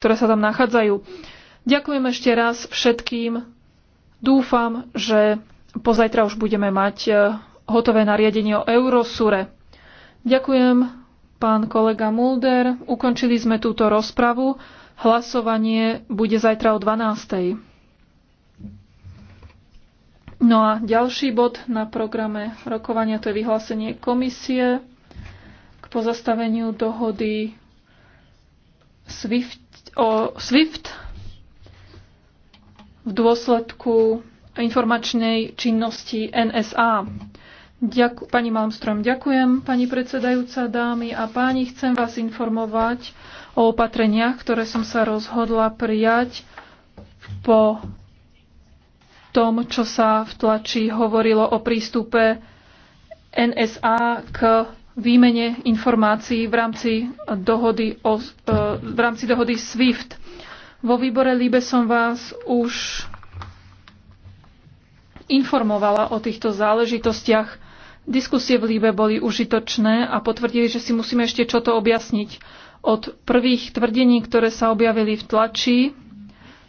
ktoré sa tam nachádzajú. Ďakujem ešte raz všetkým. Dúfam, že pozajtra už budeme mať e, hotové nariadenie o Eurosure. Ďakujem, pán kolega Mulder. Ukončili sme túto rozpravu. Hlasovanie bude zajtra o 12. No a ďalší bod na programe rokovania to je vyhlásenie komisie k pozastaveniu dohody SWIFT o SWIFT v dôsledku informačnej činnosti NSA. Ďaku, pani Malmström, ďakujem. Pani predsedajúca, dámy a páni, chcem vás informovať o opatreniach, ktoré som sa rozhodla prijať po tom, čo sa v tlači hovorilo o prístupe NSA k výmene informácií v rámci dohody, o, e, v rámci dohody SWIFT. Vo výbore Líbe som vás už informovala o týchto záležitostiach. Diskusie v Líbe boli užitočné a potvrdili, že si musíme ešte čo to objasniť. Od prvých tvrdení, ktoré sa objavili v tlači,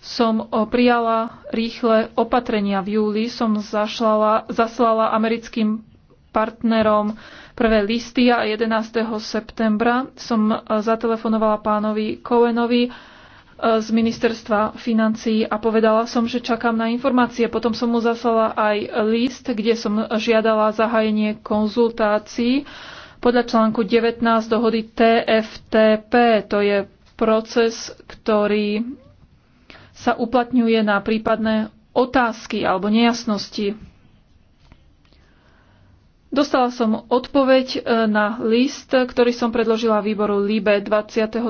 som prijala rýchle opatrenia. V júli som zašlala, zaslala americkým partnerom prvé listy a 11. septembra som e, zatelefonovala pánovi Cohenovi e, z ministerstva financií a povedala som, že čakám na informácie. Potom som mu zaslala aj list, kde som žiadala zahájenie konzultácií podľa článku 19 dohody TFTP. To je proces, ktorý sa uplatňuje na prípadné otázky alebo nejasnosti Dostala som odpoveď e, na list, ktorý som predložila výboru LIBE 23.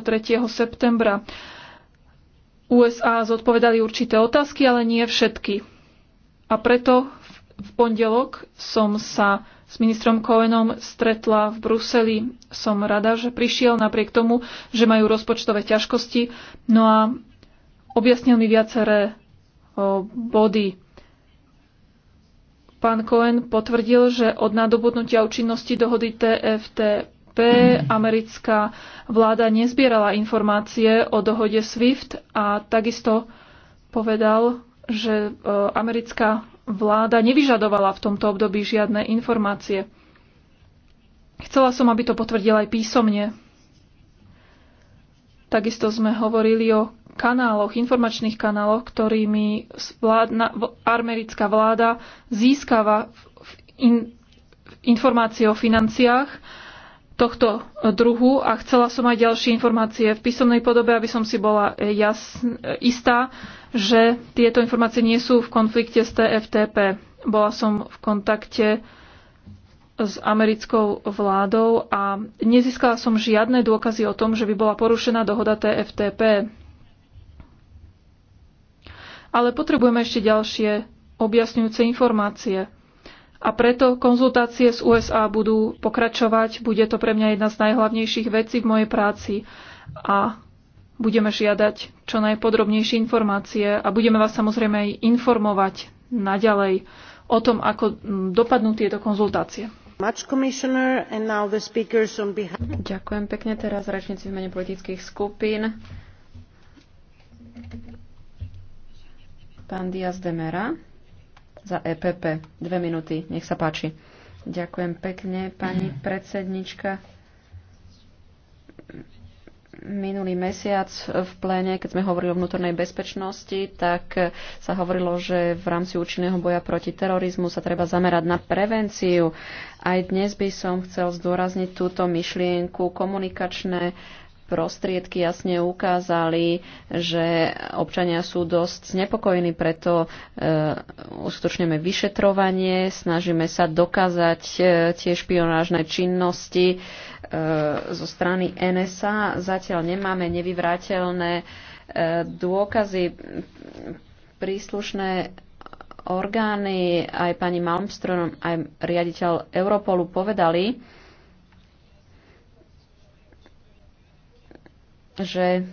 septembra. USA zodpovedali určité otázky, ale nie všetky. A preto v pondelok som sa s ministrom Cohenom stretla v Bruseli. Som rada, že prišiel napriek tomu, že majú rozpočtové ťažkosti. No a objasnil mi viaceré body pán Cohen potvrdil, že od nadobudnutia účinnosti dohody TFTP americká vláda nezbierala informácie o dohode SWIFT a takisto povedal, že e, americká vláda nevyžadovala v tomto období žiadne informácie. Chcela som, aby to potvrdil aj písomne. Takisto sme hovorili o kanáloch, informačných kanáloch, ktorými vládna, americká vláda získava in, informácie o financiách tohto eh, druhu a chcela som aj ďalšie informácie v písomnej podobe, aby som si bola eh, jasn, eh, istá, že tieto informácie nie sú v konflikte s TFTP. Bola som v kontakte s americkou vládou a nezískala som žiadne dôkazy o tom, že by bola porušená dohoda TFTP ale potrebujeme ešte ďalšie objasňujúce informácie. A preto konzultácie z USA budú pokračovať. Bude to pre mňa jedna z najhlavnejších vecí v mojej práci. A budeme žiadať čo najpodrobnejšie informácie a budeme vás samozrejme aj informovať naďalej o tom, ako dopadnú tieto konzultácie. Ďakujem pekne teraz rečníci v mene politických skupín. Pán Diaz de Mera za EPP. Dve minúty, nech sa páči. Ďakujem pekne, pani predsednička. Minulý mesiac v pléne, keď sme hovorili o vnútornej bezpečnosti, tak sa hovorilo, že v rámci účinného boja proti terorizmu sa treba zamerať na prevenciu. Aj dnes by som chcel zdôrazniť túto myšlienku komunikačné prostriedky jasne ukázali, že občania sú dosť znepokojení, preto e, uskutočneme vyšetrovanie, snažíme sa dokázať e, tie špionážne činnosti e, zo strany NSA. Zatiaľ nemáme nevyvrateľné dôkazy príslušné orgány, aj pani Malmström, aj riaditeľ Europolu povedali, že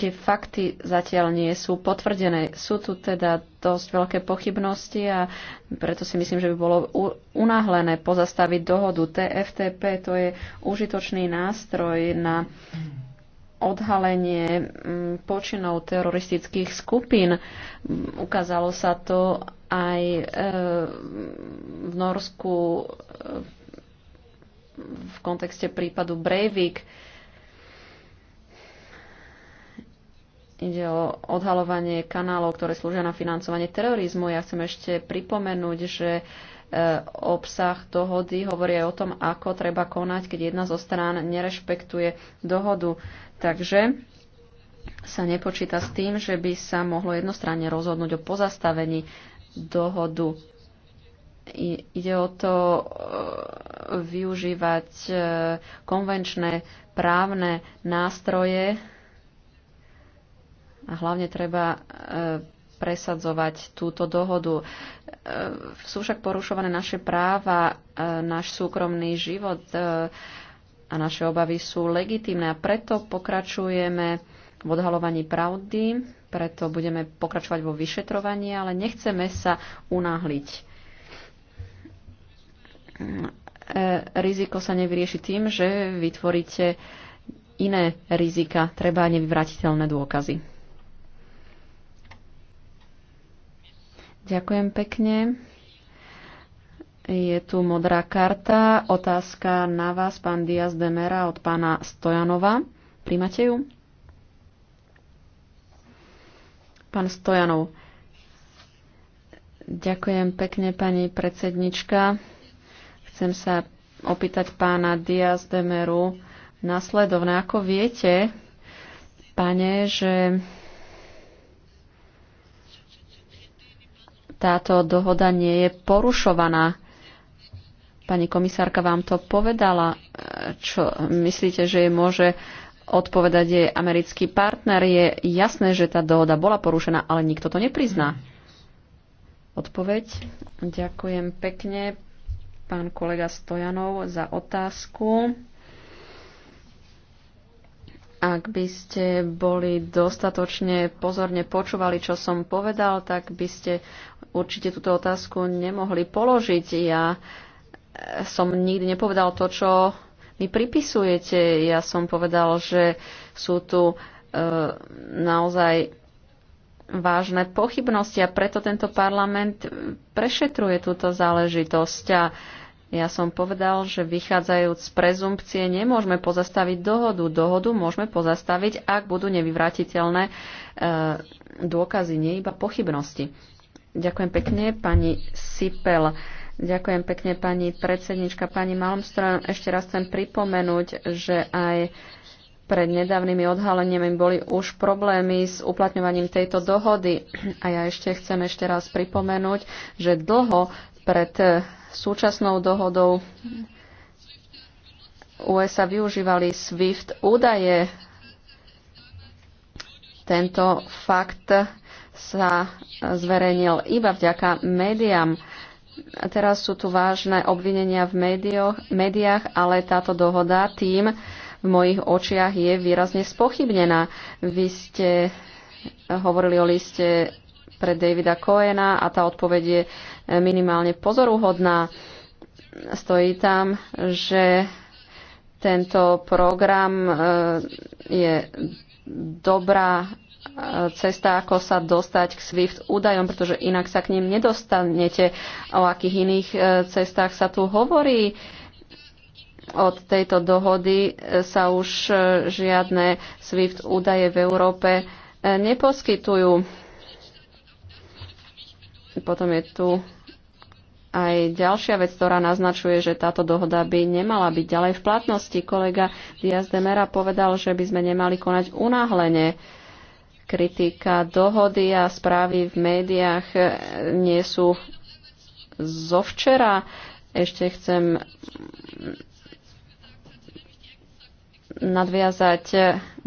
tie fakty zatiaľ nie sú potvrdené. Sú tu teda dosť veľké pochybnosti a preto si myslím, že by bolo unáhlené pozastaviť dohodu. TFTP to je užitočný nástroj na odhalenie mm, počinov teroristických skupín. Ukázalo sa to aj e, v Norsku e, v kontexte prípadu Breivik Ide o odhalovanie kanálov, ktoré slúžia na financovanie terorizmu. Ja chcem ešte pripomenúť, že e, obsah dohody hovorí aj o tom, ako treba konať, keď jedna zo strán nerešpektuje dohodu. Takže sa nepočíta s tým, že by sa mohlo jednostranne rozhodnúť o pozastavení dohodu. Ide o to e, využívať e, konvenčné právne nástroje a hlavne treba e, presadzovať túto dohodu. E, sú však porušované naše práva, e, náš súkromný život a naše obavy sú legitimné a preto pokračujeme v odhalovaní pravdy, preto budeme pokračovať vo vyšetrovaní, ale nechceme sa unáhliť. Riziko sa nevyrieši tým, že vytvoríte iné rizika, treba nevyvratiteľné dôkazy. Ďakujem pekne. Je tu modrá karta. Otázka na vás, pán Diaz de Mera od pána Stojanova. Príjmate ju? Pán Stojanov. Ďakujem pekne, pani predsednička. Chcem sa opýtať pána Diaz de Meru nasledovne. Ako viete, pane, že táto dohoda nie je porušovaná. Pani komisárka vám to povedala. Čo myslíte, že je môže odpovedať jej americký partner? Je jasné, že tá dohoda bola porušená, ale nikto to neprizná. Odpoveď. Ďakujem pekne, pán kolega Stojanov, za otázku. Ak by ste boli dostatočne pozorne počúvali, čo som povedal, tak by ste určite túto otázku nemohli položiť. Ja eh, som nikdy nepovedal to, čo mi pripisujete. Ja som povedal, že sú tu e, naozaj vážne pochybnosti a preto tento parlament prešetruje túto záležitosť. A e, ja som povedal, že vychádzajúc z prezumpcie nemôžeme pozastaviť dohodu. Dohodu môžeme pozastaviť, ak budú nevyvratiteľné e, dôkazy, nie iba pochybnosti. Ďakujem pekne, pani Sipel. Ďakujem pekne, pani predsednička, pani Malmström. Ešte raz chcem pripomenúť, že aj pred nedávnymi odhaleniami boli už problémy s uplatňovaním tejto dohody. A ja ešte chcem ešte raz pripomenúť, že dlho pred súčasnou dohodou USA využívali SWIFT údaje. Tento fakt sa zverejnil iba vďaka médiám. Teraz sú tu vážne obvinenia v médiách, médiách ale táto dohoda tým v mojich očiach je výrazne spochybnená. Vy ste hovorili o liste pre Davida Coena a tá odpoveď je minimálne pozoruhodná. Stojí tam, že tento program e, je dobrá e, cesta, ako sa dostať k SWIFT údajom, pretože inak sa k ním nedostanete. O akých iných e, cestách sa tu hovorí? Od tejto dohody sa už žiadne SWIFT údaje v Európe neposkytujú. Potom je tu aj ďalšia vec, ktorá naznačuje, že táto dohoda by nemala byť ďalej v platnosti. Kolega Diaz de Mera povedal, že by sme nemali konať unáhlenie. Kritika dohody a správy v médiách e, nie sú zo včera. Ešte chcem nadviazať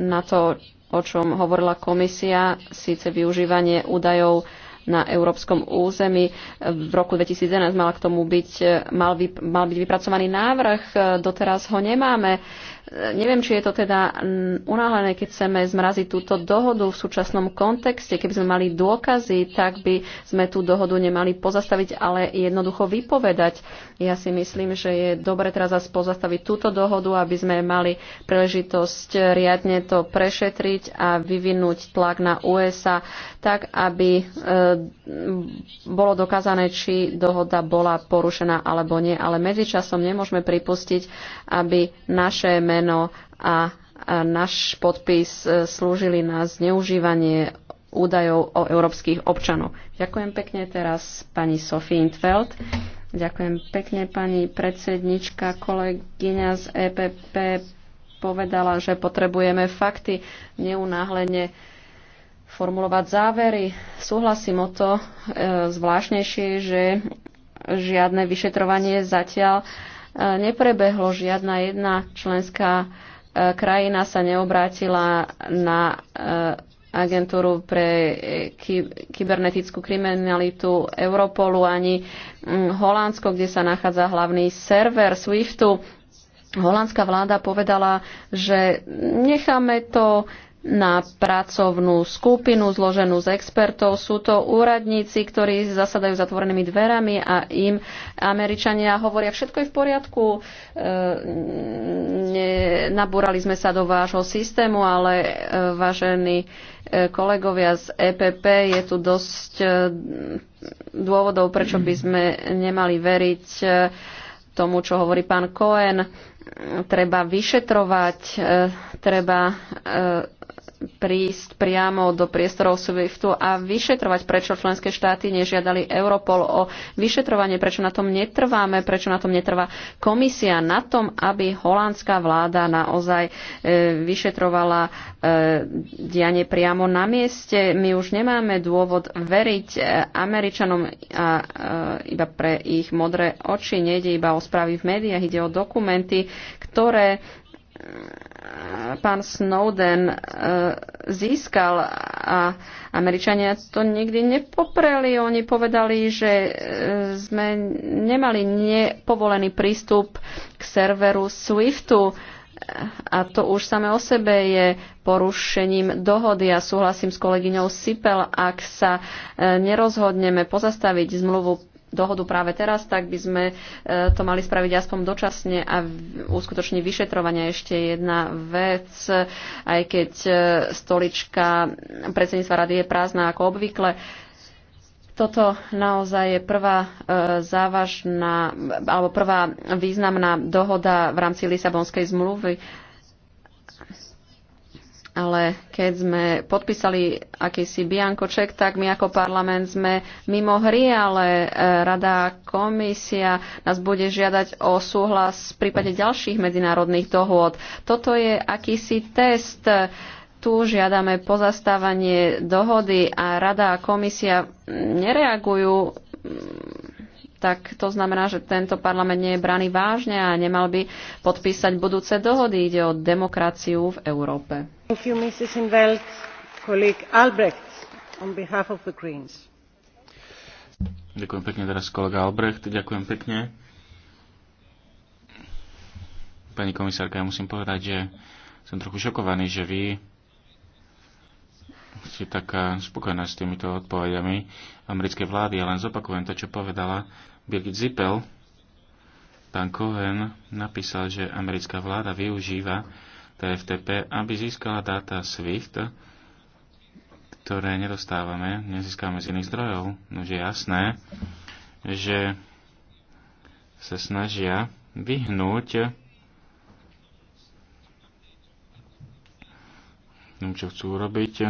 na to, o čom hovorila komisia, síce využívanie údajov na európskom území. V roku 2011 mal k tomu byť, mal, vyp- mal byť vypracovaný návrh, doteraz ho nemáme. Neviem, či je to teda unáhlené, keď chceme zmraziť túto dohodu v súčasnom kontexte. Keby sme mali dôkazy, tak by sme tú dohodu nemali pozastaviť, ale jednoducho vypovedať. Ja si myslím, že je dobre teraz zase pozastaviť túto dohodu, aby sme mali príležitosť riadne to prešetriť a vyvinúť tlak na USA, tak aby e, bolo dokázané, či dohoda bola porušená alebo nie. Ale medzičasom nemôžeme pripustiť, aby naše meno a náš podpis e, slúžili na zneužívanie údajov o európskych občanov. Ďakujem pekne teraz pani Sofie Intveld. Ďakujem pekne pani predsednička, kolegyňa z EPP povedala, že potrebujeme fakty neunáhlenie formulovať závery. Súhlasím o to e, zvláštnejšie, že žiadne vyšetrovanie zatiaľ e, neprebehlo. Žiadna jedna členská e, krajina sa neobrátila na e, agentúru pre e, kybernetickú kriminalitu Europolu ani Holandsko, kde sa nachádza hlavný server SWIFTu. Holandská vláda povedala, že necháme to na pracovnú skupinu zloženú z expertov. Sú to úradníci, ktorí zasadajú zatvorenými dverami a im Američania hovoria, všetko je v poriadku, e, nabúrali sme sa do vášho systému, ale e, vážení e, kolegovia z EPP, je tu dosť e, dôvodov, prečo by sme nemali veriť e, tomu, čo hovorí pán Cohen. Treba vyšetrovať, e, treba. E, prísť priamo do priestorov Swiftu a vyšetrovať, prečo členské štáty nežiadali Europol o vyšetrovanie, prečo na tom netrváme, prečo na tom netrvá komisia na tom, aby holandská vláda naozaj e, vyšetrovala e, dianie priamo na mieste. My už nemáme dôvod veriť e, Američanom a iba pre ich modré oči. Nejde iba o správy v médiách, ide o dokumenty, ktoré pán Snowden e, získal a Američania to nikdy nepopreli. Oni povedali, že e, sme nemali nepovolený prístup k serveru SWIFTu a to už same o sebe je porušením dohody. Ja súhlasím s kolegyňou Sipel, ak sa e, nerozhodneme pozastaviť zmluvu dohodu práve teraz, tak by sme e, to mali spraviť aspoň dočasne a uskutočniť vyšetrovania Ešte jedna vec, aj keď e, stolička predsedníctva rady je prázdna ako obvykle, toto naozaj je prvá e, závažná alebo prvá významná dohoda v rámci Lisabonskej zmluvy ale keď sme podpísali akýsi biankoček, tak my ako parlament sme mimo hry, ale e, Rada komisia nás bude žiadať o súhlas v prípade ďalších medzinárodných dohôd. Toto je akýsi test. Tu žiadame pozastávanie dohody a Rada a komisia nereagujú tak to znamená, že tento parlament nie je braný vážne a nemal by podpísať budúce dohody. Ide o demokraciu v Európe. ďakujem pekne teraz kolega Albrecht, ďakujem pekne. Pani komisárka, ja musím povedať, že som trochu šokovaný, že vy ste taká spokojná s týmito odpovediami americkej vlády. Ja len zopakujem to, čo povedala Birgit Zippel, pán Cohen napísal, že americká vláda využíva TFTP, aby získala dáta SWIFT, ktoré nedostávame, nezískame z iných zdrojov. No je jasné, že sa snažia vyhnúť tomu, čo chcú urobiť.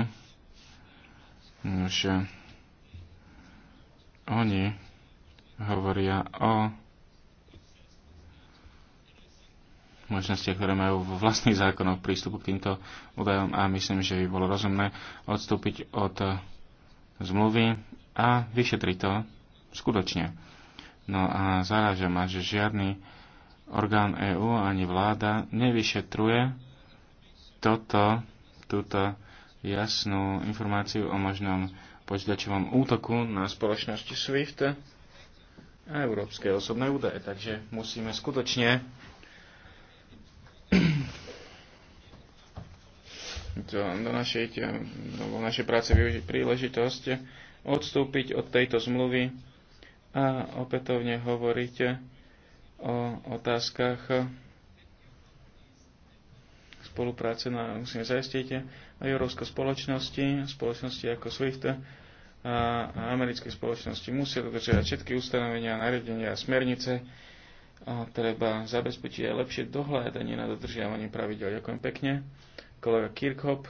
Už no, oni hovoria o možnosti, ktoré majú vo vlastných zákonoch prístupu k týmto údajom a myslím, že by bolo rozumné odstúpiť od zmluvy a vyšetriť to skutočne. No a zaráža ma, že žiadny orgán EÚ ani vláda nevyšetruje toto, túto jasnú informáciu o možnom počítačovom útoku na spoločnosti SWIFT a európske osobné údaje. Takže musíme skutočne do, do, našej, do našej práce využiť príležitosť odstúpiť od tejto zmluvy a opätovne hovoriť o otázkach spolupráce na, musíme zaistiť aj európsko spoločnosti, spoločnosti ako SWIFT, a americké spoločnosti musia dodržiavať všetky ustanovenia, nariadenia a smernice a treba zabezpečiť aj lepšie dohľadanie na dodržiavanie pravidel. Ďakujem pekne. Kolega Kirchhoff.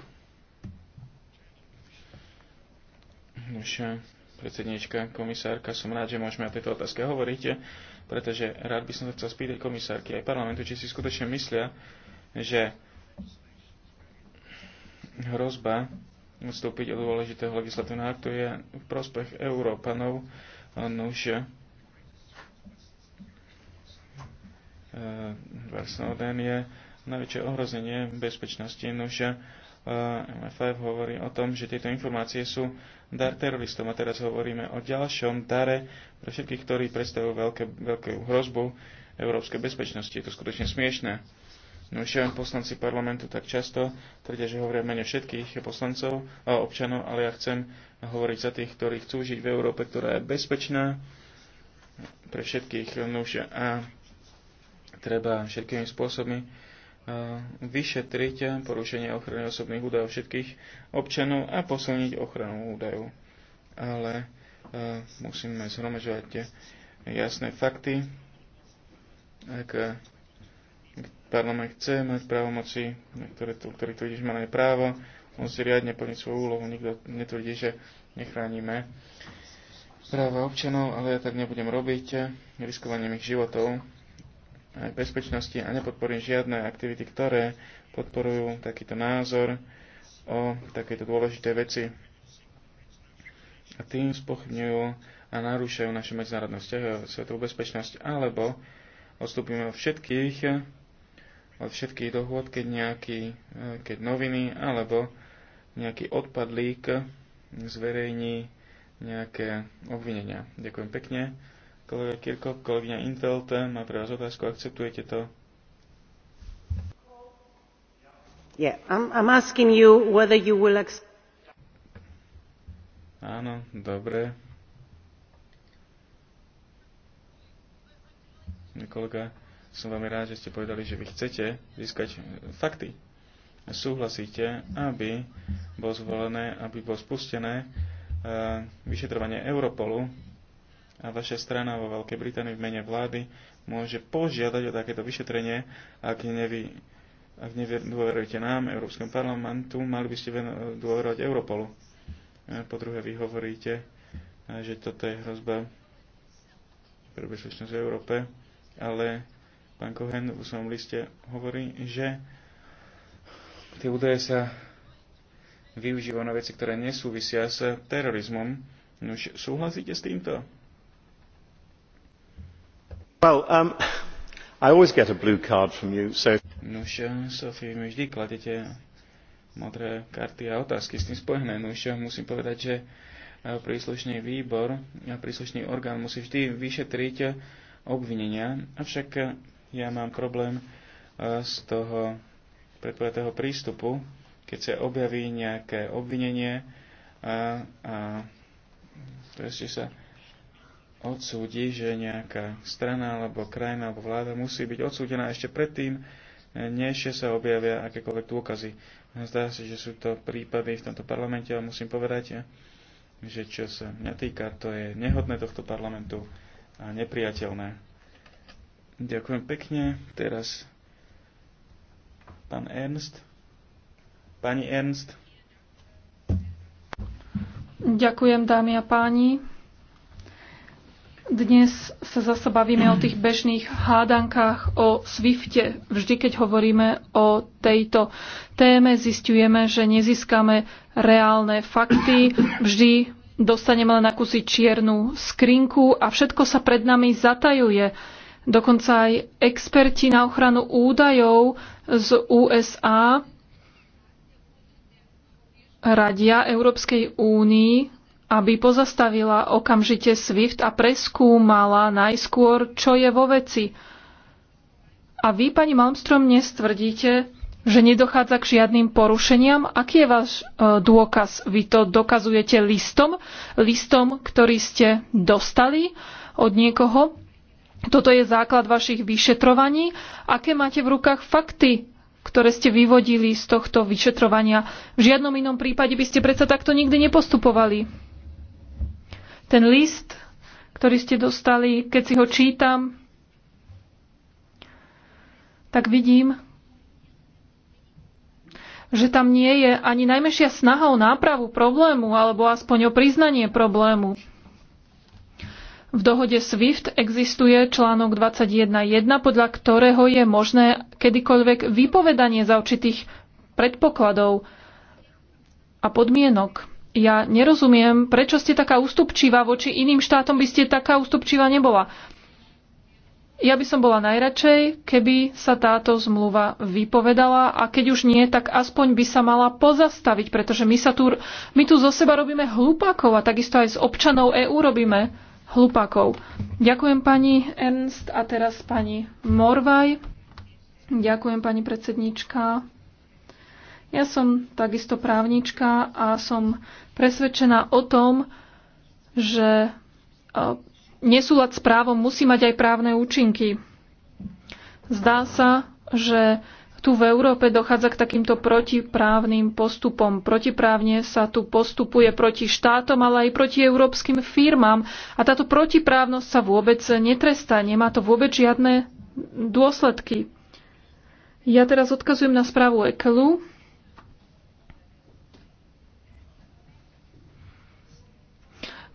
Naša predsednička, komisárka, som rád, že môžeme o tejto otázke hovoriť, pretože rád by som sa chcel spýtať komisárky aj parlamentu, či si skutočne myslia, že hrozba vstúpiť od dôležitého legislatívneho aktu je v prospech Európanov. Nuž eh, Snowden je najväčšie ohrozenie bezpečnosti. Nuž eh, MFF hovorí o tom, že tieto informácie sú dar teroristom a teraz hovoríme o ďalšom dare pre všetkých, ktorí predstavujú veľké, veľkú hrozbu európskej bezpečnosti. Je to skutočne smiešné No ešte poslanci parlamentu tak často tvrdia, že hovoria mene všetkých poslancov a občanov, ale ja chcem hovoriť za tých, ktorí chcú žiť v Európe, ktorá je bezpečná pre všetkých nuž a treba všetkými spôsobmi vyšetriť porušenie ochrany osobných údajov všetkých občanov a posilniť ochranu údajov. Ale musíme zhromažovať jasné fakty, ak Parlament chce mať právomoci, ktoré tu, ktorý tvrdí, že má na právo, musí riadne plniť svoju úlohu. Nikto netvrdí, že nechránime práva občanov, ale ja tak nebudem robiť riskovaním ich životov aj bezpečnosti a nepodporím žiadne aktivity, ktoré podporujú takýto názor o takéto dôležité veci. A tým spochybňujú a narúšajú naše medzinárodné vzťahy a svetovú bezpečnosť, alebo odstúpime od všetkých od všetkých dohôd, keď, nejaký, e, keď noviny alebo nejaký odpadlík zverejní nejaké obvinenia. Ďakujem pekne. Kolega Kirko, kolegyňa Intelte, má pre vás otázku, akceptujete to? Yeah, I'm, I'm asking you whether you will Áno, dobre. Kolega, som veľmi rád, že ste povedali, že vy chcete získať e, fakty. Súhlasíte, aby bolo zvolené, aby bolo spustené e, vyšetrovanie Europolu a vaša strana vo Veľkej Británii v mene vlády môže požiadať o takéto vyšetrenie, ak nevy, ak nedôverujete nám, Európskom parlamentu, mali by ste dôverovať Europolu. E, po druhé, vy hovoríte, že toto je hrozba pre bezpečnosť v Európe, ale Pán Kohen v svojom liste hovorí, že tie údaje sa využívajú na veci, ktoré nesúvisia s terorizmom. Už súhlasíte s týmto? Well, um, I always get a blue card from you, so... Nuž, Sophie, mi vždy kladete modré karty a otázky s tým spojené. Nuž, musím povedať, že eh, príslušný výbor a príslušný orgán musí vždy vyšetriť obvinenia, avšak ja mám problém e, z toho predpovedatého prístupu, keď sa objaví nejaké obvinenie e, a, a proste sa odsúdi, že nejaká strana alebo krajina alebo vláda musí byť odsúdená ešte predtým, než sa objavia akékoľvek dôkazy. Zdá sa, že sú to prípady v tomto parlamente a musím povedať, že čo sa mňa týka, to je nehodné tohto parlamentu a nepriateľné. Ďakujem pekne. Teraz pán Ernst. Pani Ernst. Ďakujem, dámy a páni. Dnes sa zase bavíme o tých bežných hádankách o Swifte. Vždy, keď hovoríme o tejto téme, zistujeme, že nezískame reálne fakty. Vždy dostaneme len akúsi čiernu skrinku a všetko sa pred nami zatajuje Dokonca aj experti na ochranu údajov z USA radia Európskej únii, aby pozastavila okamžite SWIFT a preskúmala najskôr, čo je vo veci. A vy, pani Malmstrom, nestvrdíte, že nedochádza k žiadnym porušeniam? Aký je váš e, dôkaz? Vy to dokazujete listom, listom, ktorý ste dostali od niekoho? Toto je základ vašich vyšetrovaní. Aké máte v rukách fakty, ktoré ste vyvodili z tohto vyšetrovania? V žiadnom inom prípade by ste predsa takto nikdy nepostupovali. Ten list, ktorý ste dostali, keď si ho čítam, tak vidím, že tam nie je ani najmäšia snaha o nápravu problému alebo aspoň o priznanie problému. V dohode SWIFT existuje článok 21.1, podľa ktorého je možné kedykoľvek vypovedanie za určitých predpokladov a podmienok. Ja nerozumiem, prečo ste taká ústupčivá voči iným štátom, by ste taká ústupčivá nebola. Ja by som bola najradšej, keby sa táto zmluva vypovedala a keď už nie, tak aspoň by sa mala pozastaviť, pretože my, sa tu, my tu zo seba robíme hlupákov a takisto aj s občanov EÚ robíme hlupakov. Ďakujem pani Ernst a teraz pani Morvaj. Ďakujem pani predsednička. Ja som takisto právnička a som presvedčená o tom, že e, nesúlad s právom musí mať aj právne účinky. Zdá sa, že tu v Európe dochádza k takýmto protiprávnym postupom. Protiprávne sa tu postupuje proti štátom, ale aj proti európskym firmám. A táto protiprávnosť sa vôbec netrestá, nemá to vôbec žiadne dôsledky. Ja teraz odkazujem na správu Ekelu.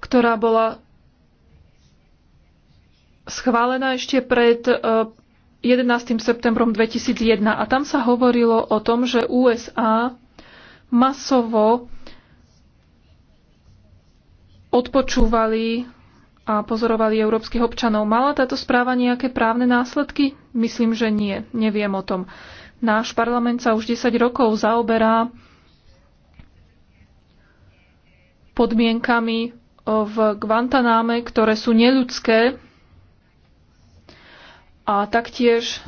ktorá bola schválená ešte pred eh, 11. septembrom 2001 a tam sa hovorilo o tom, že USA masovo odpočúvali a pozorovali európskych občanov. Mala táto správa nejaké právne následky? Myslím, že nie. Neviem o tom. Náš parlament sa už 10 rokov zaoberá podmienkami v Guantaname, ktoré sú neľudské a taktiež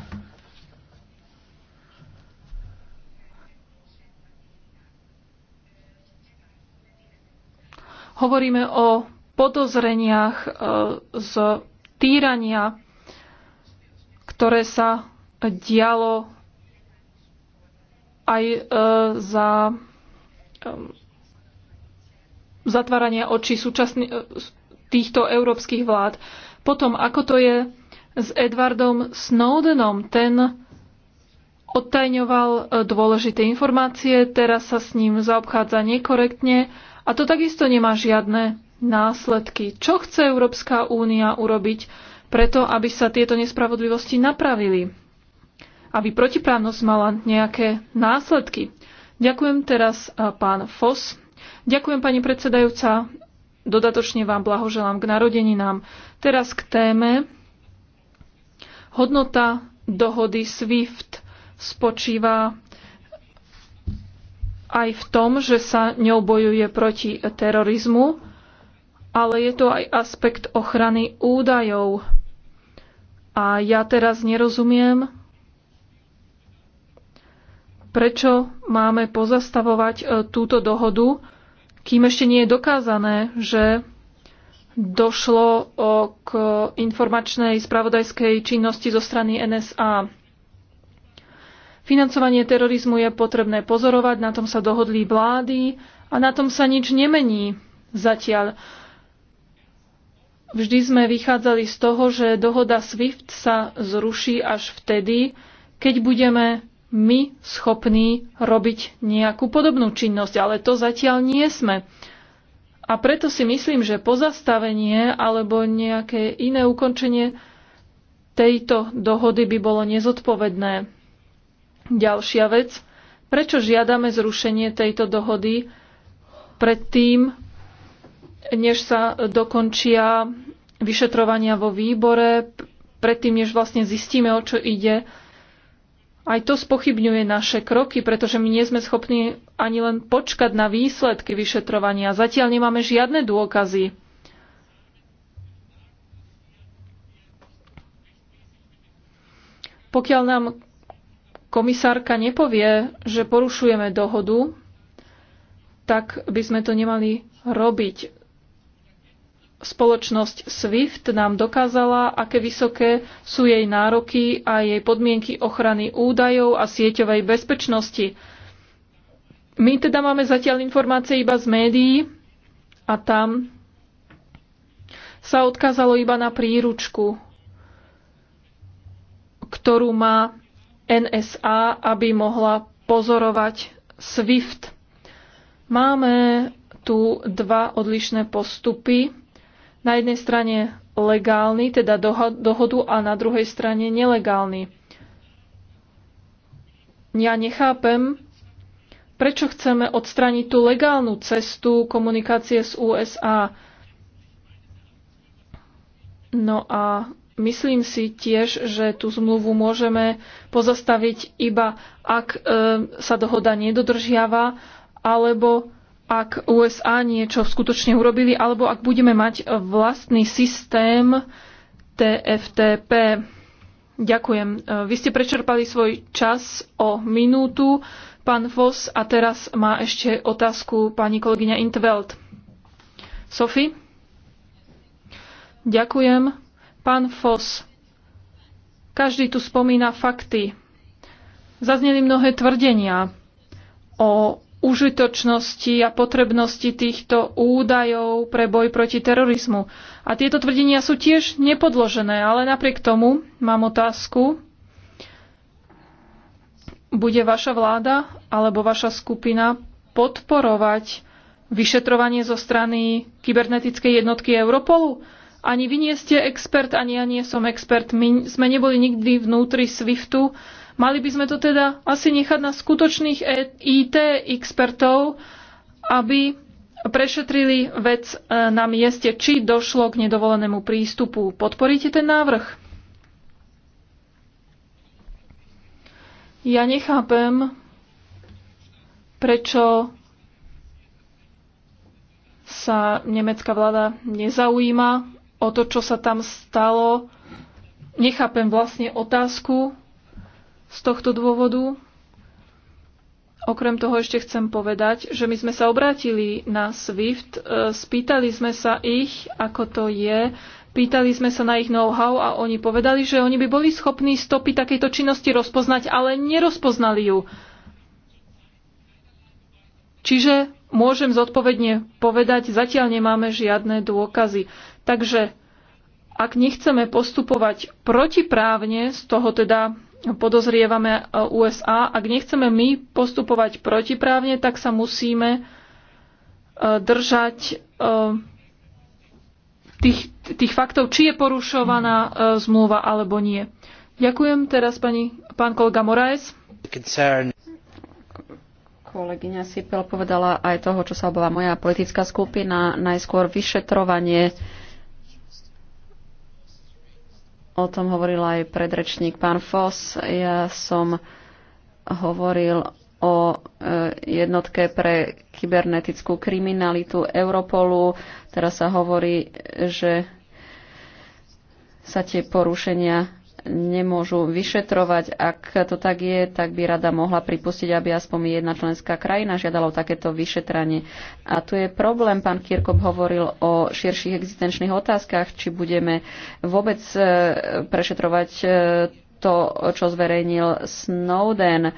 hovoríme o podozreniach e, z týrania, ktoré sa dialo aj e, za e, zatvárania očí súčasných týchto európskych vlád. Potom, ako to je s Edwardom Snowdenom. Ten odtajňoval e, dôležité informácie, teraz sa s ním zaobchádza nekorektne a to takisto nemá žiadne následky. Čo chce Európska únia urobiť preto, aby sa tieto nespravodlivosti napravili? Aby protiprávnosť mala nejaké následky. Ďakujem teraz e, pán Fos. Ďakujem pani predsedajúca. Dodatočne vám blahoželám k narodeninám. Teraz k téme Hodnota dohody SWIFT spočíva aj v tom, že sa ňou bojuje proti terorizmu, ale je to aj aspekt ochrany údajov. A ja teraz nerozumiem, prečo máme pozastavovať e, túto dohodu, kým ešte nie je dokázané, že došlo k informačnej spravodajskej činnosti zo strany NSA. Financovanie terorizmu je potrebné pozorovať, na tom sa dohodli vlády a na tom sa nič nemení zatiaľ. Vždy sme vychádzali z toho, že dohoda SWIFT sa zruší až vtedy, keď budeme my schopní robiť nejakú podobnú činnosť, ale to zatiaľ nie sme. A preto si myslím, že pozastavenie alebo nejaké iné ukončenie tejto dohody by bolo nezodpovedné. Ďalšia vec. Prečo žiadame zrušenie tejto dohody predtým, než sa dokončia vyšetrovania vo výbore, predtým, než vlastne zistíme, o čo ide? Aj to spochybňuje naše kroky, pretože my nie sme schopní ani len počkať na výsledky vyšetrovania. Zatiaľ nemáme žiadne dôkazy. Pokiaľ nám komisárka nepovie, že porušujeme dohodu, tak by sme to nemali robiť. Spoločnosť SWIFT nám dokázala, aké vysoké sú jej nároky a jej podmienky ochrany údajov a sieťovej bezpečnosti. My teda máme zatiaľ informácie iba z médií a tam sa odkázalo iba na príručku, ktorú má NSA, aby mohla pozorovať SWIFT. Máme tu dva odlišné postupy. Na jednej strane legálny, teda dohodu, a na druhej strane nelegálny. Ja nechápem, Prečo chceme odstraniť tú legálnu cestu komunikácie s USA? No a myslím si tiež, že tú zmluvu môžeme pozastaviť iba ak e, sa dohoda nedodržiava, alebo ak USA niečo skutočne urobili, alebo ak budeme mať vlastný systém TFTP. Ďakujem. E, vy ste prečerpali svoj čas o minútu pán Vos a teraz má ešte otázku pani kolegyňa Intveld. Sofi? Ďakujem. Pán Vos, každý tu spomína fakty. Zazneli mnohé tvrdenia o užitočnosti a potrebnosti týchto údajov pre boj proti terorizmu. A tieto tvrdenia sú tiež nepodložené, ale napriek tomu mám otázku. Bude vaša vláda alebo vaša skupina podporovať vyšetrovanie zo strany kybernetickej jednotky Europolu? Ani vy nie ste expert, ani ja nie som expert. My sme neboli nikdy vnútri SWIFTu. Mali by sme to teda asi nechať na skutočných IT e- expertov, aby prešetrili vec e, na mieste, či došlo k nedovolenému prístupu. Podporíte ten návrh? Ja nechápem, prečo sa nemecká vláda nezaujíma o to, čo sa tam stalo. Nechápem vlastne otázku z tohto dôvodu. Okrem toho ešte chcem povedať, že my sme sa obrátili na SWIFT, e, spýtali sme sa ich, ako to je Pýtali sme sa na ich know-how a oni povedali, že oni by boli schopní stopy takejto činnosti rozpoznať, ale nerozpoznali ju. Čiže môžem zodpovedne povedať, zatiaľ nemáme žiadne dôkazy. Takže ak nechceme postupovať protiprávne, z toho teda podozrievame e, USA, ak nechceme my postupovať protiprávne, tak sa musíme e, držať e, tých, tých faktov, či je porušovaná uh, zmluva alebo nie. Ďakujem teraz pani, pán kolega Moraes. Concern. Kolegyňa Sipel povedala aj toho, čo sa obáva moja politická skupina, najskôr vyšetrovanie. O tom hovoril aj predrečník pán Foss. Ja som hovoril o e, jednotke pre kybernetickú kriminalitu Europolu. Teraz sa hovorí, že sa tie porušenia nemôžu vyšetrovať. Ak to tak je, tak by rada mohla pripustiť, aby aspoň jedna členská krajina žiadala o takéto vyšetranie. A tu je problém, pán Kirkop hovoril o širších existenčných otázkach, či budeme vôbec e, prešetrovať e, to, čo zverejnil Snowden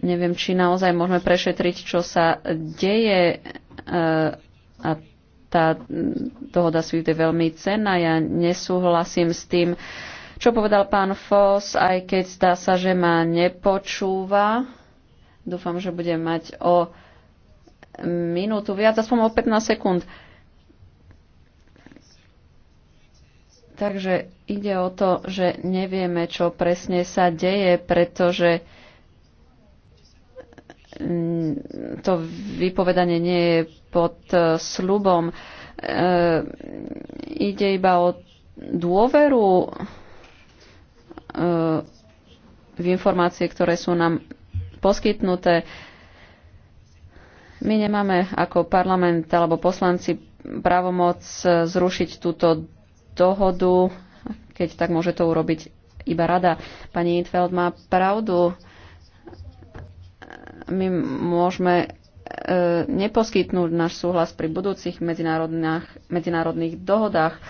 neviem, či naozaj môžeme prešetriť, čo sa deje e, a tá dohoda SWIFT je veľmi cenná. Ja nesúhlasím s tým, čo povedal pán Foss, aj keď zdá sa, že ma nepočúva. Dúfam, že budem mať o minútu viac, aspoň o 15 sekúnd. Takže ide o to, že nevieme, čo presne sa deje, pretože to vypovedanie nie je pod e, slubom. E, ide iba o dôveru e, v informácie, ktoré sú nám poskytnuté. My nemáme ako parlament alebo poslanci právomoc zrušiť túto dohodu, keď tak môže to urobiť iba rada. Pani Intfeld má pravdu my môžeme e, neposkytnúť náš súhlas pri budúcich medzinárodných, medzinárodných dohodách.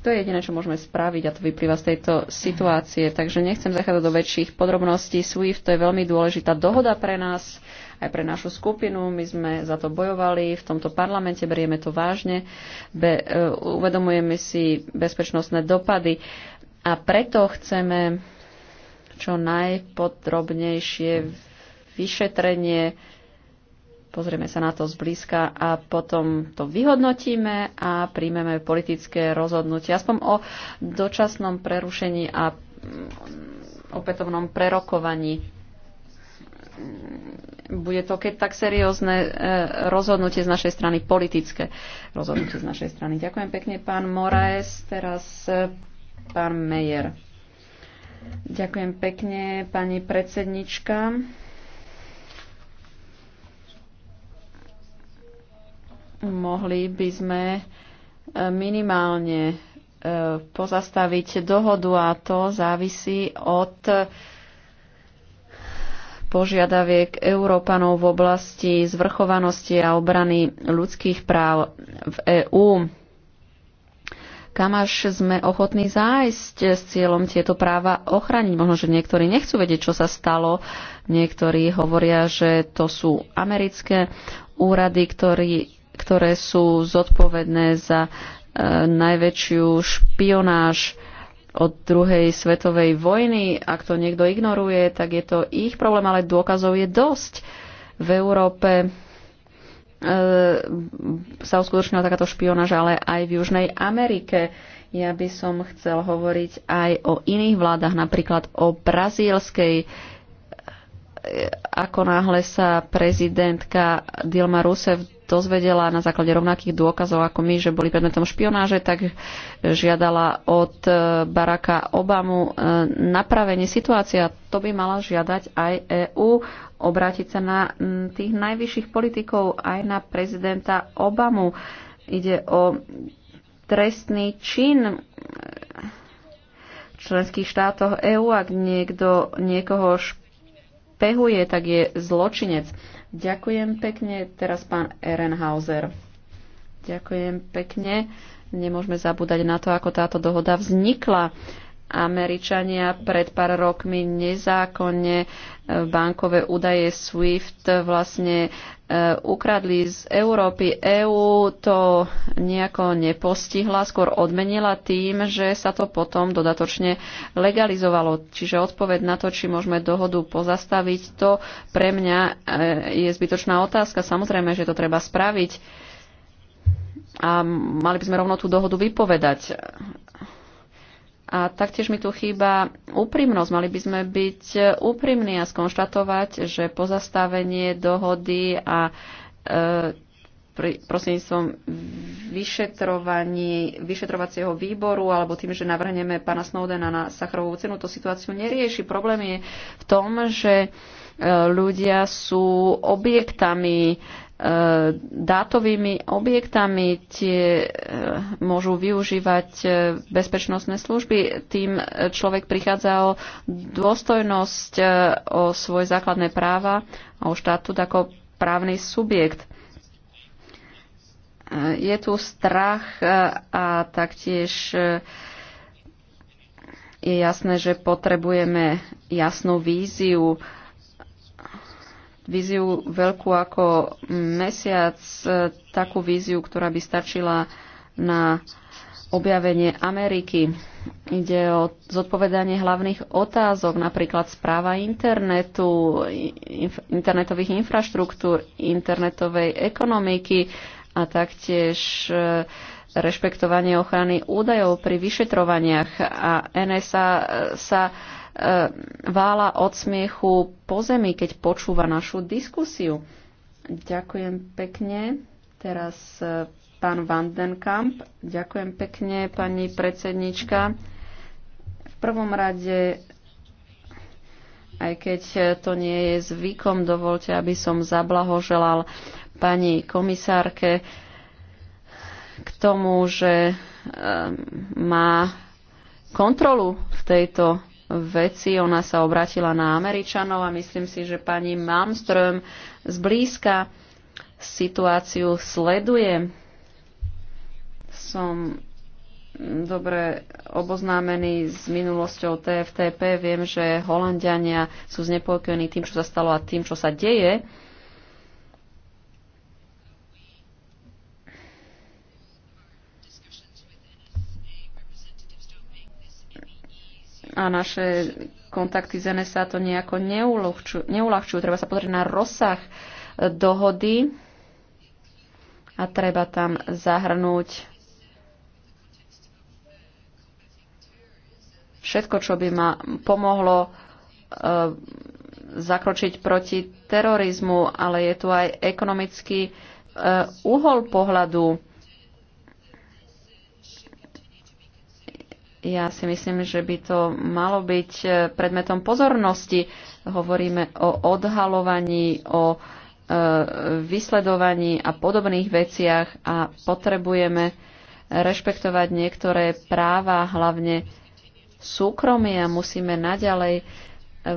To je jediné, čo môžeme spraviť a to vyplýva z tejto situácie. Takže nechcem zachádzať do väčších podrobností. SWIFT to je veľmi dôležitá dohoda pre nás, aj pre našu skupinu. My sme za to bojovali v tomto parlamente, berieme to vážne, be, e, uvedomujeme si bezpečnostné dopady a preto chceme čo najpodrobnejšie vyšetrenie, pozrieme sa na to zblízka a potom to vyhodnotíme a príjmeme politické rozhodnutie, aspoň o dočasnom prerušení a mm, opätovnom prerokovaní. Bude to, keď tak seriózne e, rozhodnutie z našej strany, politické rozhodnutie z našej strany. Ďakujem pekne, pán Moraes. Teraz e, pán Mejer. Ďakujem pekne, pani predsednička. mohli by sme e, minimálne e, pozastaviť dohodu a to závisí od požiadaviek Európanov v oblasti zvrchovanosti a obrany ľudských práv v EÚ. Kam až sme ochotní zájsť s cieľom tieto práva ochraniť? Možno, že niektorí nechcú vedieť, čo sa stalo. Niektorí hovoria, že to sú americké úrady, ktorí ktoré sú zodpovedné za e, najväčšiu špionáž od druhej svetovej vojny. Ak to niekto ignoruje, tak je to ich problém, ale dôkazov je dosť. V Európe e, sa uskutočnila takáto špionáž, ale aj v Južnej Amerike. Ja by som chcel hovoriť aj o iných vládach, napríklad o brazílskej. E, ako náhle sa prezidentka Dilma Rousseff dozvedela na základe rovnakých dôkazov ako my, že boli predmetom špionáže, tak žiadala od e, Baracka Obamu e, napravenie situácia. To by mala žiadať aj EÚ, obrátiť sa na tých najvyšších politikov, aj na prezidenta Obamu. Ide o trestný čin e, v členských štátoch EÚ, ak niekto niekoho špehuje, tak je zločinec. Ďakujem pekne. Teraz pán Ehrenhauser. Ďakujem pekne. Nemôžeme zabúdať na to, ako táto dohoda vznikla. Američania pred pár rokmi nezákonne e, bankové údaje SWIFT vlastne e, ukradli z Európy. EÚ to nejako nepostihla, skôr odmenila tým, že sa to potom dodatočne legalizovalo. Čiže odpoveď na to, či môžeme dohodu pozastaviť, to pre mňa e, je zbytočná otázka. Samozrejme, že to treba spraviť. A mali by sme rovno tú dohodu vypovedať a taktiež mi tu chýba úprimnosť. Mali by sme byť úprimní a skonštatovať, že pozastavenie dohody a e, prosím vyšetrovaní, vyšetrovacieho výboru alebo tým, že navrhneme pána Snowdena na Sacharovú cenu, to situáciu nerieši. Problém je v tom, že e, ľudia sú objektami E, dátovými objektami tie e, môžu využívať e, bezpečnostné služby. Tým človek prichádza o dôstojnosť, o svoje základné práva a o štátu ako právny subjekt. Je tu strach a taktiež je jasné, že potrebujeme jasnú víziu víziu veľkú ako mesiac, takú víziu, ktorá by stačila na objavenie Ameriky. Ide o zodpovedanie hlavných otázok, napríklad správa internetu, inf- internetových infraštruktúr, internetovej ekonomiky a taktiež eh, rešpektovanie ochrany údajov pri vyšetrovaniach. A NSA sa E, vála od smiechu po zemi, keď počúva našu diskusiu. Ďakujem pekne. Teraz e, pán Vandenkamp. Ďakujem pekne, pani predsednička. V prvom rade, aj keď to nie je zvykom, dovolte, aby som zablahoželal pani komisárke k tomu, že e, má kontrolu v tejto veci. Ona sa obratila na Američanov a myslím si, že pani Malmström zblízka situáciu sleduje. Som mm, dobre oboznámený s minulosťou TFTP. Viem, že Holandiania sú znepokojení tým, čo sa stalo a tým, čo sa deje. a naše kontakty z NSA to nejako neulahčujú. neulahčujú. Treba sa pozrieť na rozsah e, dohody a treba tam zahrnúť všetko, čo by ma pomohlo e, zakročiť proti terorizmu, ale je tu aj ekonomický e, uhol pohľadu Ja si myslím, že by to malo byť e, predmetom pozornosti. Hovoríme o odhalovaní, o e, vysledovaní a podobných veciach a potrebujeme rešpektovať niektoré práva, hlavne súkromie a musíme naďalej e,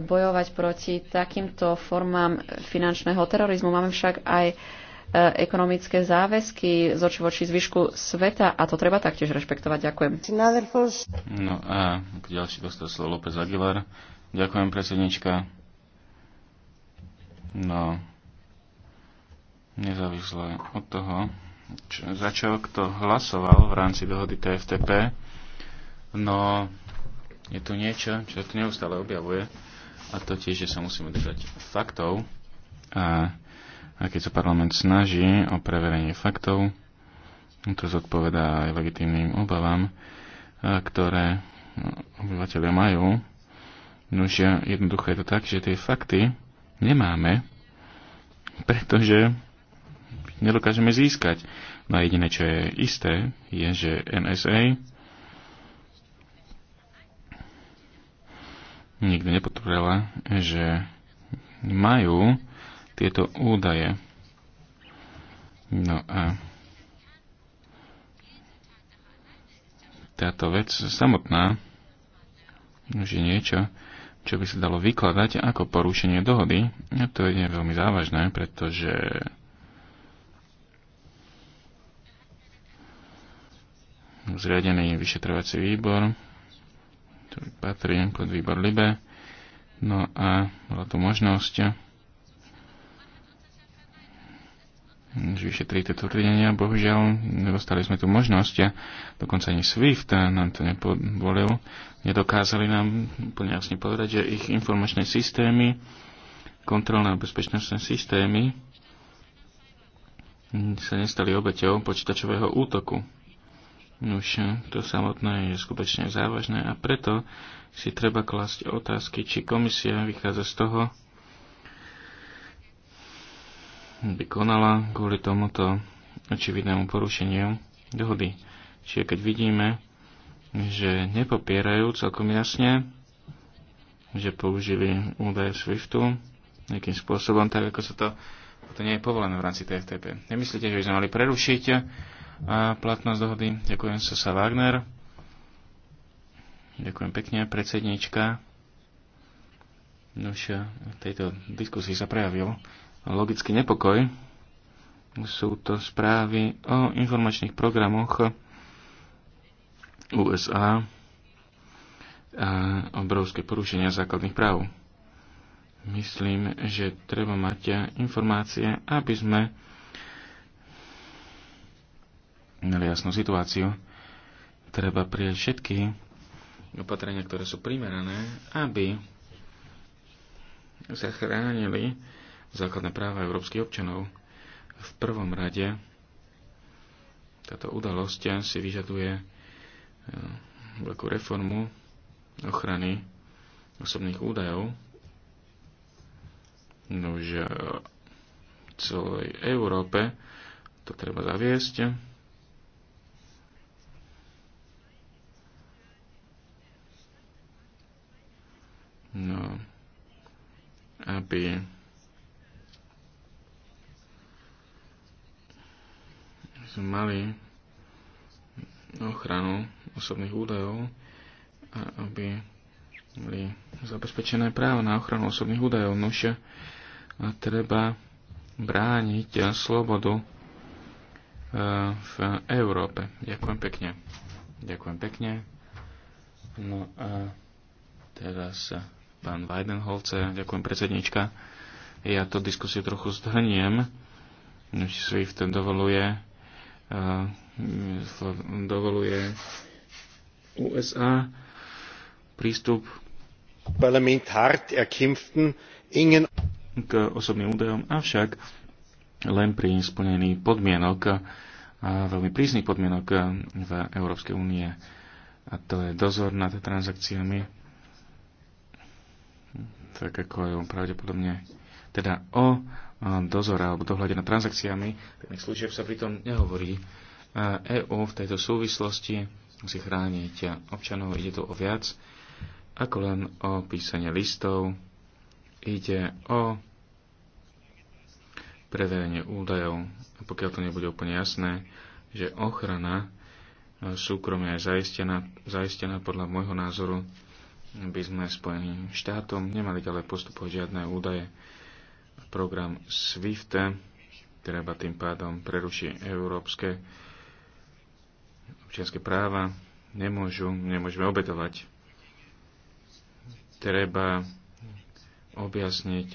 bojovať proti takýmto formám finančného terorizmu. Máme však aj E, ekonomické záväzky z oči zvyšku sveta a to treba taktiež rešpektovať. Ďakujem. No a ďalší dostal slovo López Aguilar. Ďakujem, predsednička. No, nezávisle od toho, čo, za čo kto hlasoval v rámci dohody TFTP, no, je tu niečo, čo tu neustále objavuje, a to tiež, že sa musíme držať faktov a a keď sa parlament snaží o preverenie faktov, to zodpovedá aj legitímnym obavám, e, ktoré obyvateľia majú. že jednoducho je to tak, že tie fakty nemáme, pretože nedokážeme získať. No a jediné, čo je isté, je, že NSA nikdy nepotvrdila, že majú tieto údaje. No a táto vec samotná už je niečo, čo by sa dalo vykladať ako porušenie dohody. A to je veľmi závažné, pretože zriadený vyšetrovací výbor, ktorý patrí pod výbor LIBE, no a bola tu možnosť Hm, vyšetriť tieto tvrdenia. Bohužiaľ, nedostali sme tu možnosť, a dokonca ani SWIFT nám to nepovolil. Nedokázali nám úplne jasne povedať, že ich informačné systémy, kontrolné a bezpečnostné systémy sa nestali obeťou počítačového útoku. Už to samotné je skutočne závažné a preto si treba klasť otázky, či komisia vychádza z toho, by konala kvôli tomuto očividnému porušeniu dohody. Čiže keď vidíme, že nepopierajú celkom jasne, že použili údaje SWIFTu nejakým spôsobom, tak ako sa to, to nie je povolené v rámci TFTP. Nemyslíte, že by sme mali prerušiť a platnosť dohody? Ďakujem sa, sa Wagner. Ďakujem pekne, predsednička. Nož v tejto diskusii sa prejavilo logický nepokoj. Sú to správy o informačných programoch USA a obrovské porušenia základných práv. Myslím, že treba mať informácie, aby sme mali jasnú situáciu. Treba prijať všetky opatrenia, ktoré sú primerané, aby zachránili základné práva európskych občanov. V prvom rade táto udalosť si vyžaduje e, veľkú reformu ochrany osobných údajov. No už e, v celej Európe to treba zaviesť. No, aby sme mali ochranu osobných údajov a aby boli zabezpečené práva na ochranu osobných údajov. Nož treba brániť slobodu e, v Európe. Ďakujem pekne. Ďakujem pekne. No a teraz pán Weidenholce, ďakujem predsednička. Ja to diskusiu trochu zdhrniem. Swift dovoluje Mm, dovoluje USA prístup Parlament hart erkämpften k osobným údajom, avšak len pri splnení podmienok, a veľmi prísnych podmienok v Európskej únie. A to je dozor nad transakciami, tak ako je on pravdepodobne teda o dozore alebo dohľade nad transakciami pekných služieb sa pritom nehovorí. EÚ e v tejto súvislosti musí chrániť občanov, ide tu o viac ako len o písanie listov, ide o preverenie údajov, pokiaľ to nebude úplne jasné, že ochrana e, súkromia je zaistená, zaistená podľa môjho názoru, by sme Spojeným štátom nemali ďalej postupovať žiadne údaje Program SWIFT treba tým pádom prerušiť európske občianske práva. Nemôžu, nemôžeme obetovať. Treba objasniť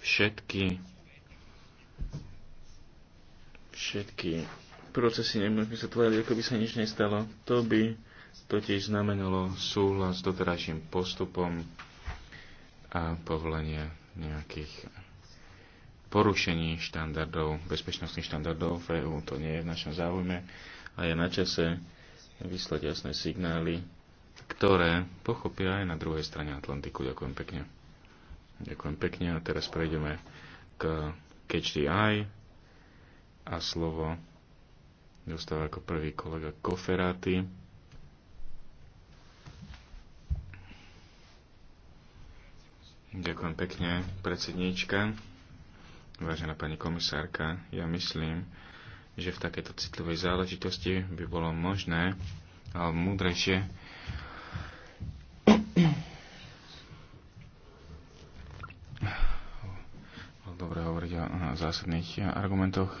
všetky všetky procesy nemôžeme sa tváriť, ako by sa nič nestalo. To by totiž znamenalo súhlas s doterajším postupom a povolenie nejakých porušení štandardov, bezpečnostných štandardov v EU. To nie je v našom záujme a je na čase vyslať jasné signály, ktoré pochopia aj na druhej strane Atlantiku. Ďakujem pekne. Ďakujem pekne a teraz prejdeme k Catch the Eye a slovo dostáva ako prvý kolega Koferáty. Ďakujem pekne, predsedníčka. Vážená pani komisárka, ja myslím, že v takejto citlivej záležitosti by bolo možné a múdrejšie dobre hovoriť o zásadných argumentoch.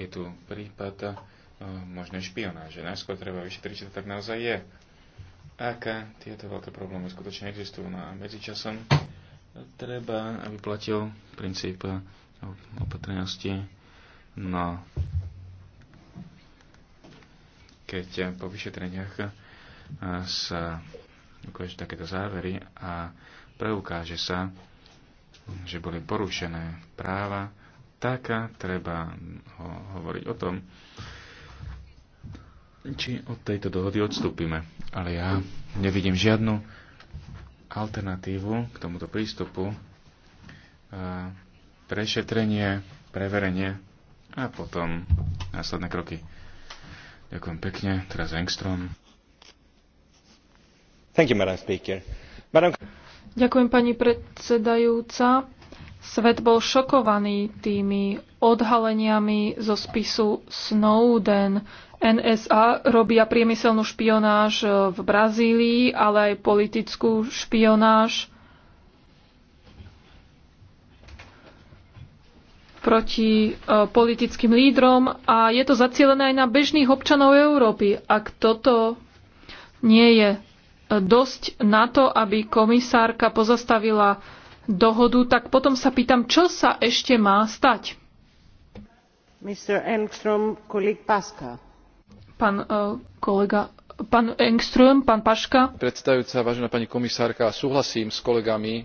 Je tu prípad možné špionáže. Najskôr treba vyšetriť, že to tak naozaj je. Ak tieto veľké problémy skutočne existujú. No a medzičasom treba, aby platil princíp opatrnosti. No, keď po vyšetreniach eh, sa ukáže takéto závery a preukáže sa, že boli porušené práva, tak treba ho, hovoriť o tom, či od tejto dohody odstúpime. Ale ja nevidím žiadnu alternatívu k tomuto prístupu. Eh, prešetrenie, preverenie a potom následné kroky. Ďakujem pekne. Teraz Engstrom. Thank you, Madam Speaker. Madam... Ďakujem, pani predsedajúca. Svet bol šokovaný tými odhaleniami zo spisu Snowden. NSA robia priemyselnú špionáž v Brazílii, ale aj politickú špionáž proti e, politickým lídrom a je to zacielené aj na bežných občanov Európy. Ak toto nie je e, dosť na to, aby komisárka pozastavila dohodu, tak potom sa pýtam, čo sa ešte má stať. Mr. Engström, kolik Paska. Pán e, kolega pán Engström, pán Paška. Predstavujúca, vážená pani komisárka, súhlasím s kolegami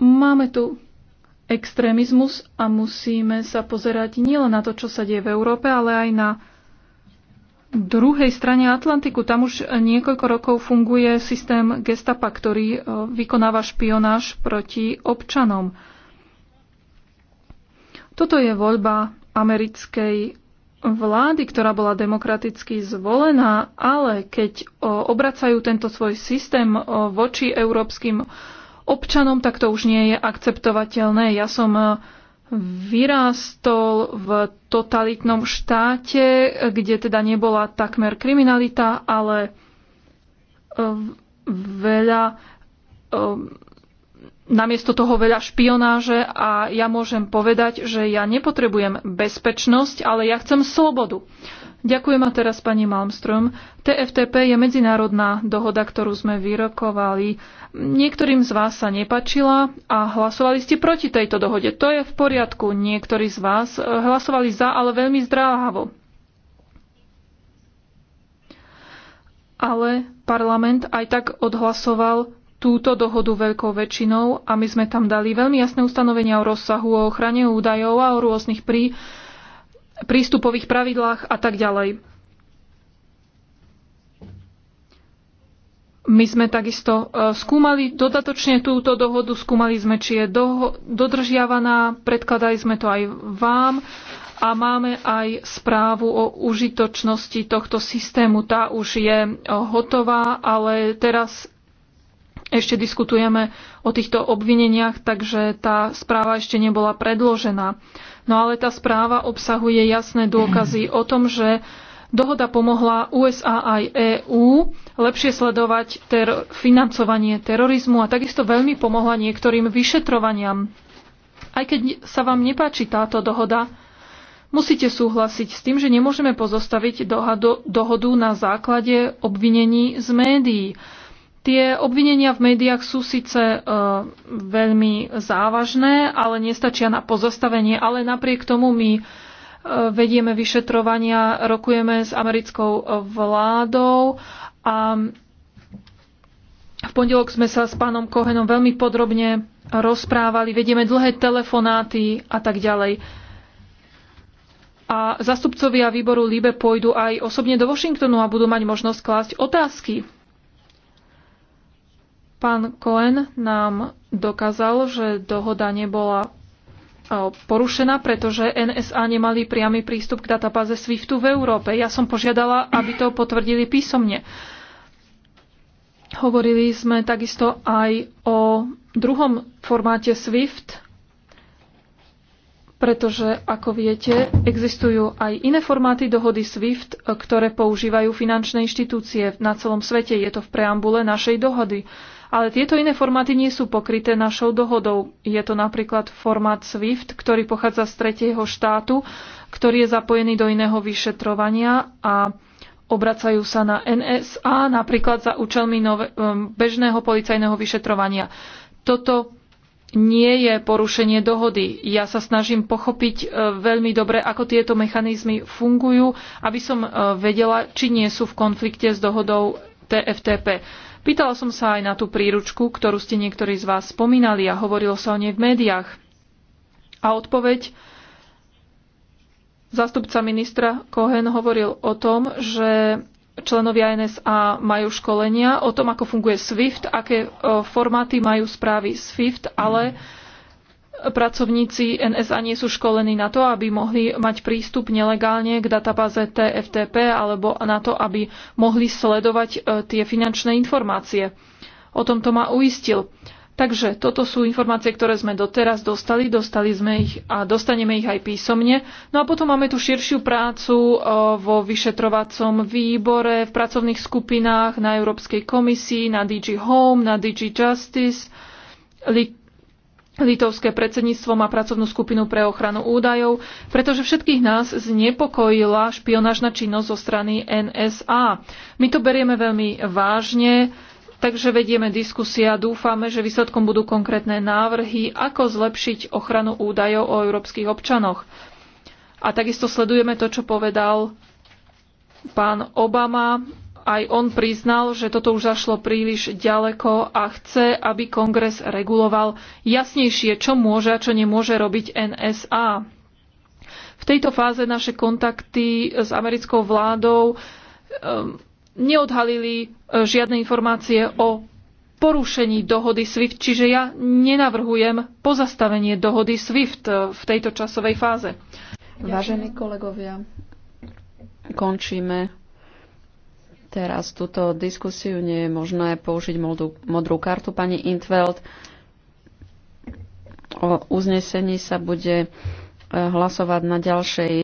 Máme tu extrémizmus a musíme sa pozerať nielen na to, čo sa deje v Európe, ale aj na druhej strane Atlantiku. Tam už niekoľko rokov funguje systém Gestapa, ktorý e, vykonáva špionáž proti občanom. Toto je voľba americkej vlády, ktorá bola demokraticky zvolená, ale keď e, obracajú tento svoj systém e, voči európskym občanom, tak to už nie je akceptovateľné. Ja som eh, vyrástol v totalitnom štáte, kde teda nebola takmer kriminalita, ale eh, veľa eh, namiesto toho veľa špionáže a ja môžem povedať, že ja nepotrebujem bezpečnosť, ale ja chcem slobodu. Ďakujem a teraz pani Malmström. TFTP je medzinárodná dohoda, ktorú sme vyrokovali. Niektorým z vás sa nepačila a hlasovali ste proti tejto dohode. To je v poriadku. Niektorí z vás eh, hlasovali za, ale veľmi zdráhavo. Ale parlament aj tak odhlasoval túto dohodu veľkou väčšinou a my sme tam dali veľmi jasné ustanovenia o rozsahu, o ochrane údajov a o rôznych prí prístupových pravidlách a tak ďalej. My sme takisto e, skúmali dodatočne túto dohodu, skúmali sme, či je dodržiavaná, predkladali sme to aj vám a máme aj správu o užitočnosti tohto systému. Tá už je e, hotová, ale teraz ešte diskutujeme o týchto obvineniach, takže tá správa ešte nebola predložená. No ale tá správa obsahuje jasné dôkazy o tom, že dohoda pomohla USA aj EÚ lepšie sledovať ter- financovanie terorizmu a takisto veľmi pomohla niektorým vyšetrovaniam. Aj keď sa vám nepáči táto dohoda, musíte súhlasiť s tým, že nemôžeme pozostaviť dohodu na základe obvinení z médií. Tie obvinenia v médiách sú síce e, veľmi závažné, ale nestačia na pozastavenie. Ale napriek tomu my e, vedieme vyšetrovania, rokujeme s americkou e, vládou a v pondelok sme sa s pánom Kohenom veľmi podrobne rozprávali, vedieme dlhé telefonáty a tak ďalej. A zastupcovia výboru LIBE pôjdu aj osobne do Washingtonu a budú mať možnosť klásť otázky Pán Cohen nám dokázal, že dohoda nebola porušená, pretože NSA nemali priamy prístup k databáze SWIFTu v Európe. Ja som požiadala, aby to potvrdili písomne. Hovorili sme takisto aj o druhom formáte SWIFT, pretože, ako viete, existujú aj iné formáty dohody SWIFT, ktoré používajú finančné inštitúcie na celom svete. Je to v preambule našej dohody. Ale tieto iné formáty nie sú pokryté našou dohodou. Je to napríklad formát SWIFT, ktorý pochádza z tretieho štátu, ktorý je zapojený do iného vyšetrovania a obracajú sa na NSA napríklad za účelmi nove, bežného policajného vyšetrovania. Toto nie je porušenie dohody. Ja sa snažím pochopiť e, veľmi dobre, ako tieto mechanizmy fungujú, aby som e, vedela, či nie sú v konflikte s dohodou TFTP. Pýtala som sa aj na tú príručku, ktorú ste niektorí z vás spomínali a hovorilo sa o nej v médiách. A odpoveď zástupca ministra Cohen hovoril o tom, že členovia NSA majú školenia o tom, ako funguje SWIFT, aké e, formáty majú správy SWIFT, ale mm pracovníci NSA nie sú školení na to, aby mohli mať prístup nelegálne k databáze TFTP alebo na to, aby mohli sledovať e, tie finančné informácie. O tomto ma uistil. Takže toto sú informácie, ktoré sme doteraz dostali, dostali sme ich a dostaneme ich aj písomne. No a potom máme tu širšiu prácu e, vo vyšetrovacom výbore, v pracovných skupinách, na Európskej komisii, na DG Home, na DG Justice, Litovské predsedníctvo má pracovnú skupinu pre ochranu údajov, pretože všetkých nás znepokojila špionážna činnosť zo strany NSA. My to berieme veľmi vážne, takže vedieme diskusie a dúfame, že výsledkom budú konkrétne návrhy, ako zlepšiť ochranu údajov o európskych občanoch. A takisto sledujeme to, čo povedal pán Obama aj on priznal, že toto už zašlo príliš ďaleko a chce, aby kongres reguloval jasnejšie, čo môže a čo nemôže robiť NSA. V tejto fáze naše kontakty s americkou vládou ehm, neodhalili e, žiadne informácie o porušení dohody SWIFT, čiže ja nenavrhujem pozastavenie dohody SWIFT e, v tejto časovej fáze. Vážení kolegovia, končíme teraz túto diskusiu nie je možné použiť modrú, modrú kartu pani Intveld. O uznesení sa bude e, hlasovať na ďalšej